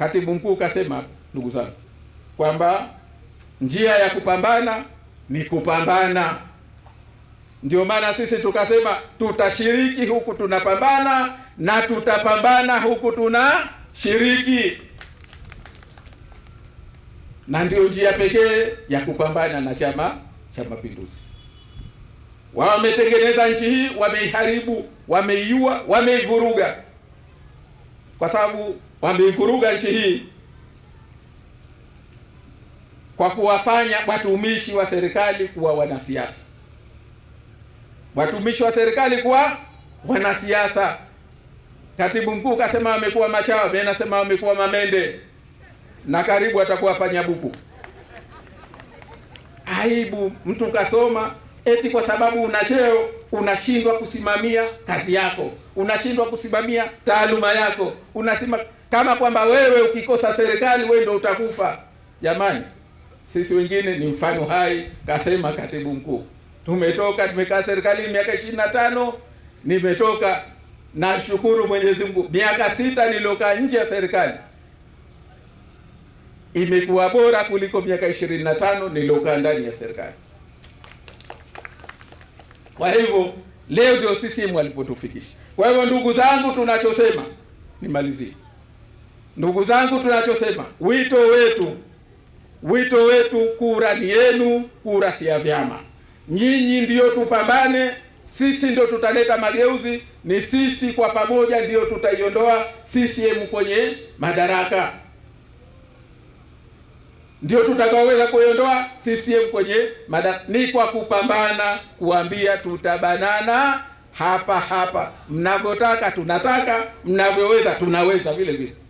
Katibu mkuu kasema, ndugu zangu, kwamba njia ya kupambana ni kupambana. Ndio maana sisi tukasema tutashiriki huku tunapambana na tutapambana huku tunashiriki, na ndio njia pekee ya kupambana na Chama cha Mapinduzi. Wametengeneza nchi hii, wameiharibu, wameiua, wameivuruga kwa sababu wameivuruga nchi hii kwa kuwafanya watumishi wa serikali kuwa wanasiasa, watumishi wa serikali kuwa wanasiasa. Katibu mkuu kasema wamekuwa machawa, mimi nasema wamekuwa mamende, na karibu atakuwa panyabuku. Aibu, mtu kasoma eti kwa sababu una cheo unashindwa kusimamia kazi yako, unashindwa kusimamia taaluma yako, unasema kama kwamba wewe ukikosa serikali wewe ndio utakufa. Jamani, sisi wengine ni mfano hai, kasema katibu mkuu. Tumetoka tumekaa serikalini miaka ishirini na tano nimetoka nashukuru Mwenyezi Mungu, miaka sita niliokaa nje ya serikali imekuwa bora kuliko miaka ishirini na tano niliokaa ndani ya serikali. Kwa hivyo leo ndio CCM alipotufikisha. Kwa hivyo ndugu zangu, tunachosema nimalizie, ndugu zangu, tunachosema wito wetu, wito wetu, kura ni yenu, kura si ya vyama. Nyinyi ndio tupambane, sisi ndio tutaleta mageuzi, ni sisi kwa pamoja ndio tutaiondoa CCM kwenye madaraka ndio tutakaoweza kuiondoa CCM kwenye mada. Ni kwa kupambana, kuambia tutabanana hapa hapa, mnavyotaka tunataka, mnavyoweza tunaweza vile vile.